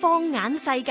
放眼世界，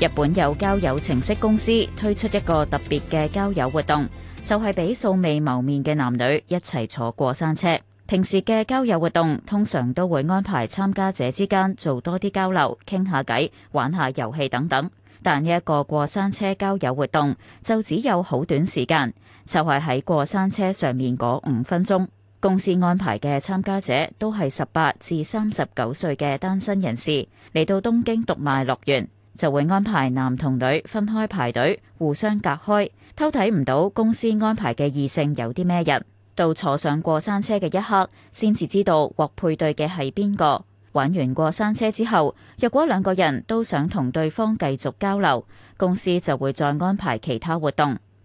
日本有交友程式公司推出一個特別嘅交友活動，就係俾素未謀面嘅男女一齊坐過山車。平時嘅交友活動通常都會安排參加者之間做多啲交流、傾下偈、玩下遊戲等等，但呢一個過山車交友活動就只有好短時間。就係喺過山車上面嗰五分鐘，公司安排嘅參加者都係十八至三十九歲嘅單身人士嚟到東京讀賣樂園，就會安排男同女分開排隊，互相隔開，偷睇唔到公司安排嘅異性有啲咩人。到坐上過山車嘅一刻，先至知道獲配對嘅係邊個。玩完過山車之後，若果兩個人都想同對方繼續交流，公司就會再安排其他活動。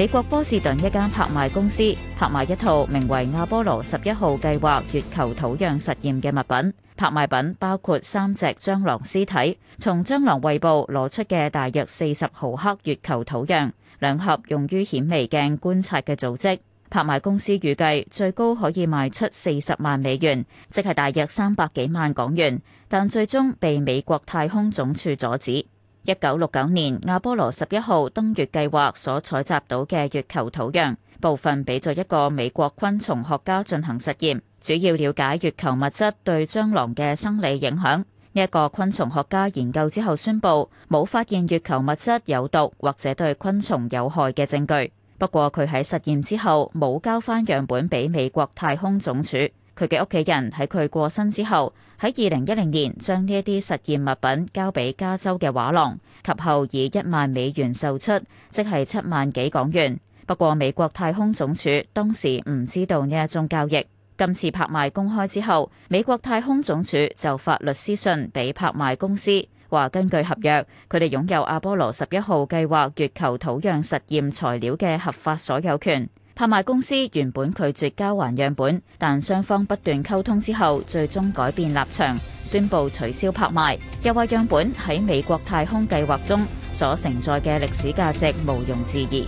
美國波士頓一間拍賣公司拍賣一套名為阿波羅十一號計劃月球土壤實驗嘅物品，拍賣品包括三隻蟑螂屍體，從蟑螂胃部攞出嘅大約四十毫克月球土壤，兩盒用於顯微鏡觀察嘅組織。拍賣公司預計最高可以賣出四十萬美元，即係大約三百幾萬港元，但最終被美國太空總署阻止。一九六九年，阿波羅十一號登月計劃所採集到嘅月球土壤部分俾咗一個美國昆蟲學家進行實驗，主要了解月球物質對蟑螂嘅生理影響。呢一個昆蟲學家研究之後宣佈冇發現月球物質有毒或者對昆蟲有害嘅證據。不過佢喺實驗之後冇交翻樣本俾美國太空總署。佢嘅屋企人喺佢過身之後，喺二零一零年將呢一啲實驗物品交俾加州嘅畫廊，及後以一萬美元售出，即係七萬幾港元。不過美國太空總署當時唔知道呢一宗交易。今次拍賣公開之後，美國太空總署就發律師信俾拍賣公司，話根據合約，佢哋擁有阿波羅十一號計劃月球土壤實驗材料嘅合法所有權。拍賣公司原本拒絕交還樣本，但雙方不斷溝通之後，最終改變立場，宣布取消拍賣。又話樣本喺美國太空計劃中所承載嘅歷史價值毋庸置疑。